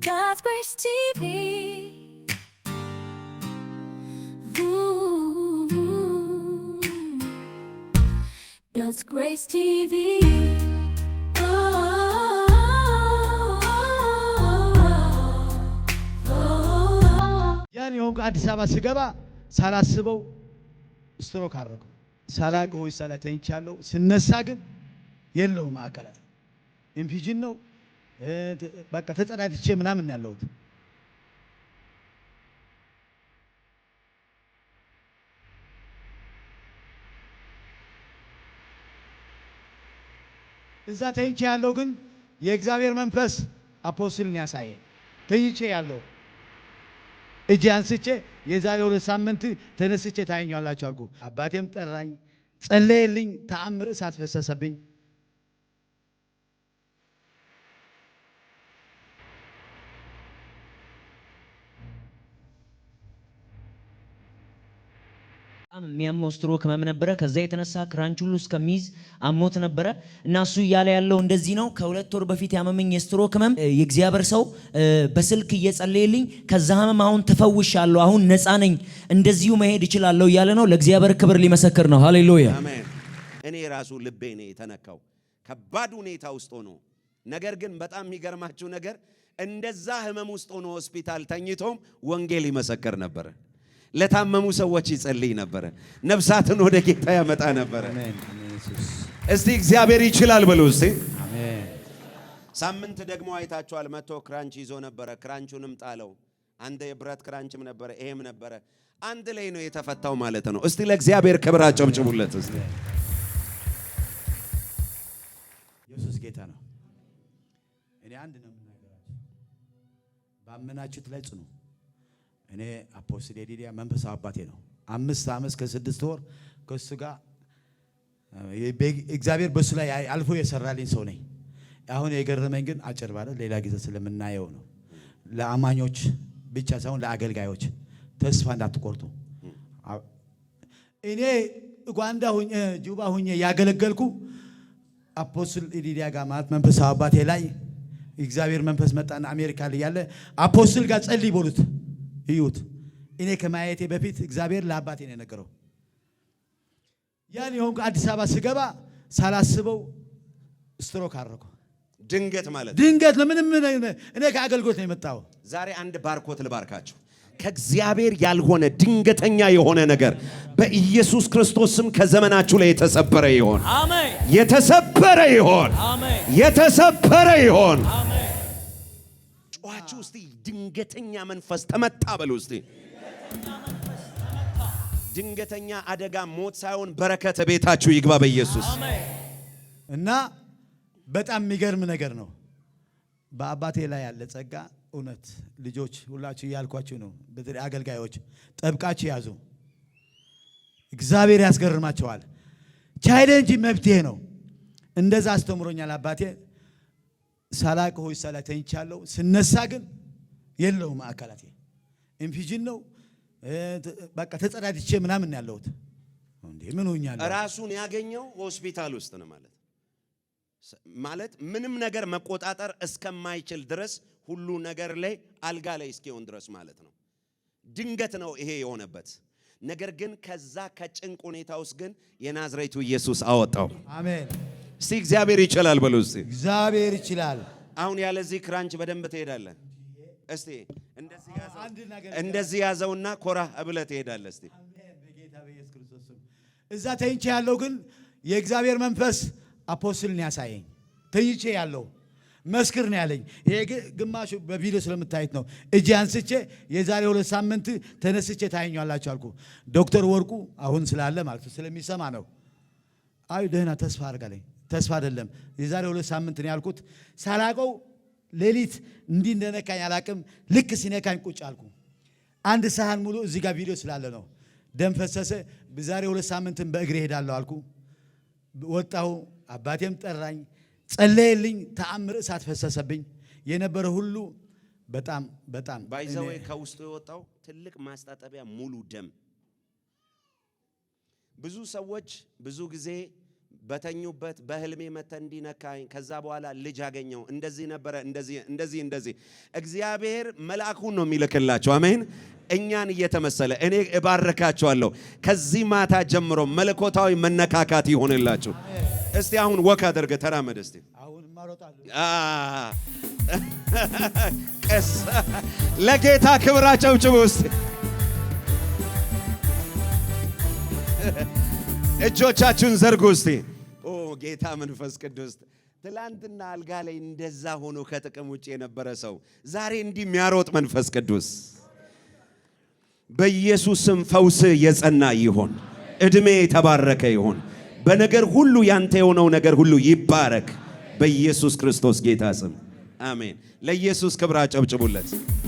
God's Grace TV. God's oh, Grace TV. ያን የሆንኩ አዲስ አበባ ስገባ ሳላስበው ስትሮክ አደረገው። ሳላቅ ሆይ ተኝቻለሁ። ስነሳ ግን የለውም ማዕከላት ነው በቃ ተጸዳጅቼ ምናምን ያለሁት እዛ ተኝቼ ያለው ግን የእግዚአብሔር መንፈስ አፖስትልን ያሳየ ተኝቼ ያለው እጅ አንስቼ የዛሬ ሁለት ሳምንት ተነስቼ ታየኛላችሁ አልኩ። አባቴም ጠራኝ፣ ጸለየልኝ፣ ተአምር እሳት ፈሰሰብኝ። በጣም የሚያመው ስትሮክ ህመም ነበረ። ከዛ የተነሳ ክራንች ሁሉ እስከሚይዝ አሞት ነበረ እና እሱ እያለ ያለው እንደዚህ ነው። ከሁለት ወር በፊት ያመመኝ የስትሮክ ህመም የእግዚአብሔር ሰው በስልክ እየጸለየልኝ ከዛ ህመም አሁን ተፈውሻለሁ፣ አሁን ነፃ ነኝ፣ እንደዚሁ መሄድ እችላለሁ እያለ ነው። ለእግዚአብሔር ክብር ሊመሰክር ነው። ሃሌሉያ እኔ ራሱ ልቤ ነው የተነካው ከባድ ሁኔታ ውስጥ ሆኖ ነገር ግን በጣም የሚገርማችሁ ነገር እንደዛ ህመም ውስጥ ሆኖ ሆስፒታል ተኝቶም ወንጌል ይመሰክር ነበር። ለታመሙ ሰዎች ይጸልይ ነበረ። ነፍሳትን ወደ ጌታ ያመጣ ነበረ። እስቲ እግዚአብሔር ይችላል ብሎ እስቲ። ሳምንት ደግሞ አይታችኋል። መቶ ክራንች ይዞ ነበረ። ክራንቹንም ጣለው። አንድ የብረት ክራንችም ነበረ፣ ይሄም ነበረ። አንድ ላይ ነው የተፈታው ማለት ነው። እስቲ ለእግዚአብሔር ክብር አጨብጭቡለት። እስቲ ኢየሱስ ጌታ ነው። እኔ አንድ ነው የምናገራችሁ፣ ባመናችሁት ላይ ጽኑ እኔ አፖስትል ዲዲያ መንፈሳዊ አባቴ ነው። አምስት ዓመት ከስድስት ወር ከእሱ ጋር እግዚአብሔር በእሱ ላይ አልፎ የሰራልኝ ሰው ነኝ። አሁን የገረመኝ ግን አጭር ባለ ሌላ ጊዜ ስለምናየው ነው። ለአማኞች ብቻ ሳይሆን ለአገልጋዮች ተስፋ እንዳትቆርጡ። እኔ ጓንዳ ሁኜ ጁባ ሁኜ ያገለገልኩ አፖስትል ኢዲዲያ ጋር ማለት መንፈሳዊ አባቴ ላይ እግዚአብሔር መንፈስ መጣና አሜሪካ ላይ ያለ አፖስትል ጋር ጸልይ በሉት እዩት። እኔ ከማየቴ በፊት እግዚአብሔር ለአባቴ ነው የነገረው። ያን የሆንኩ አዲስ አበባ ስገባ ሳላስበው ስትሮክ አደረኩ። ድንገት ማለት ድንገት ለምንም እኔ ከአገልግሎት ነው የመጣው። ዛሬ አንድ ባርኮት ልባርካችሁ። ከእግዚአብሔር ያልሆነ ድንገተኛ የሆነ ነገር በኢየሱስ ክርስቶስ ስም ከዘመናችሁ ላይ የተሰበረ ይሆን፣ የተሰበረ ይሆን፣ የተሰበረ ይሆን። ጮኻችሁ እስቲ ድንገተኛ መንፈስ ተመታ በል ውስጥ ድንገተኛ አደጋ ሞት ሳይሆን በረከተ ቤታችሁ ይግባ በኢየሱስ እና በጣም የሚገርም ነገር ነው። በአባቴ ላይ ያለ ጸጋ እውነት ልጆች ሁላችሁ እያልኳችሁ ነው። በተለይ አገልጋዮች ጠብቃችሁ ያዙ። እግዚአብሔር ያስገርማቸዋል። ቻሌንጅ መብትሄ ነው። እንደዛ አስተምሮኛል አባቴ። ሳላቅ ሆይ ሳላ ተኝቻለሁ። ስነሳ ግን የለውም አካላቴ ኢንፊዥን ነው። በቃ ተጸዳድቼ ምናምን ያለሁት እንዴ ምን ሆኛለሁ? ራሱን ያገኘው ሆስፒታል ውስጥ ነው ማለት ማለት ምንም ነገር መቆጣጠር እስከማይችል ድረስ ሁሉ ነገር ላይ አልጋ ላይ እስኪሆን ድረስ ማለት ነው። ድንገት ነው ይሄ የሆነበት ነገር ግን ከዛ ከጭንቅ ሁኔታ ውስጥ ግን የናዝሬቱ ኢየሱስ አወጣው። አሜን። እስቲ እግዚአብሔር ይችላል በሉ። እስቲ እግዚአብሔር ይችላል። አሁን ያለዚህ ክራንች በደንብ ትሄዳለን። እስቲ እንደዚህ ያዘውና ኮራ ብለህ ትሄዳለህ። እስቲ እዛ ተኝቼ ያለው ግን የእግዚአብሔር መንፈስ አፖስትል ነው ያሳየኝ። ተኝቼ ያለው መስክር ነው ያለኝ። ይሄ ግማሹ በቪዲዮ ስለምታየት ነው። እጅ አንስቼ የዛሬ ሁለት ሳምንት ተነስቼ ታየኛላችሁ አልኩ። ዶክተር ወርቁ አሁን ስላለ ማለት ስለሚሰማ ነው። አይ ደህና ተስፋ አድርጋለኝ። ተስፋ አይደለም የዛሬ ሁለት ሳምንት ነው ያልኩት ሳላቀው ሌሊት እንዲህ እንደነካኝ አላቅም። ልክ ሲነካኝ ቁጭ አልኩ። አንድ ሰሃን ሙሉ እዚህ ጋር ቪዲዮ ስላለ ነው። ደም ፈሰሰ። ዛሬ ሁለት ሳምንትን በእግሬ ሄዳለሁ አልኩ። ወጣሁ። አባቴም ጠራኝ፣ ጸለየልኝ። ተአምር እሳት ፈሰሰብኝ። የነበረ ሁሉ በጣም በጣም ባይዘወይ ከውስጡ የወጣው ትልቅ ማስታጠቢያ ሙሉ ደም ብዙ ሰዎች ብዙ ጊዜ በተኙበት በህልሜ መተ እንዲነካኝ ከዛ በኋላ ልጅ አገኘው። እንደዚህ ነበረ፣ እንደዚህ እንደዚህ እንደዚህ። እግዚአብሔር መልአኩን ነው የሚልክላቸው። አሜን። እኛን እየተመሰለ እኔ እባረካቸዋለሁ። ከዚህ ማታ ጀምሮ መለኮታዊ መነካካት ይሆንላችሁ። እስቲ አሁን ወክ አድርገ ተራመደ። እስቲ ለጌታ ክብራቸው ጭቡ ውስጥ እጆቻችሁን ዘርጉ እስቲ ጌታ መንፈስ ቅዱስ። ትላንትና አልጋ ላይ እንደዛ ሆኖ ከጥቅም ውጭ የነበረ ሰው ዛሬ እንዲህ የሚያሮጥ መንፈስ ቅዱስ በኢየሱስም ፈውስ የጸና ይሆን፣ እድሜ የተባረከ ይሆን። በነገር ሁሉ ያንተ የሆነው ነገር ሁሉ ይባረክ በኢየሱስ ክርስቶስ ጌታ ስም አሜን። ለኢየሱስ ክብር አጨብጭቡለት።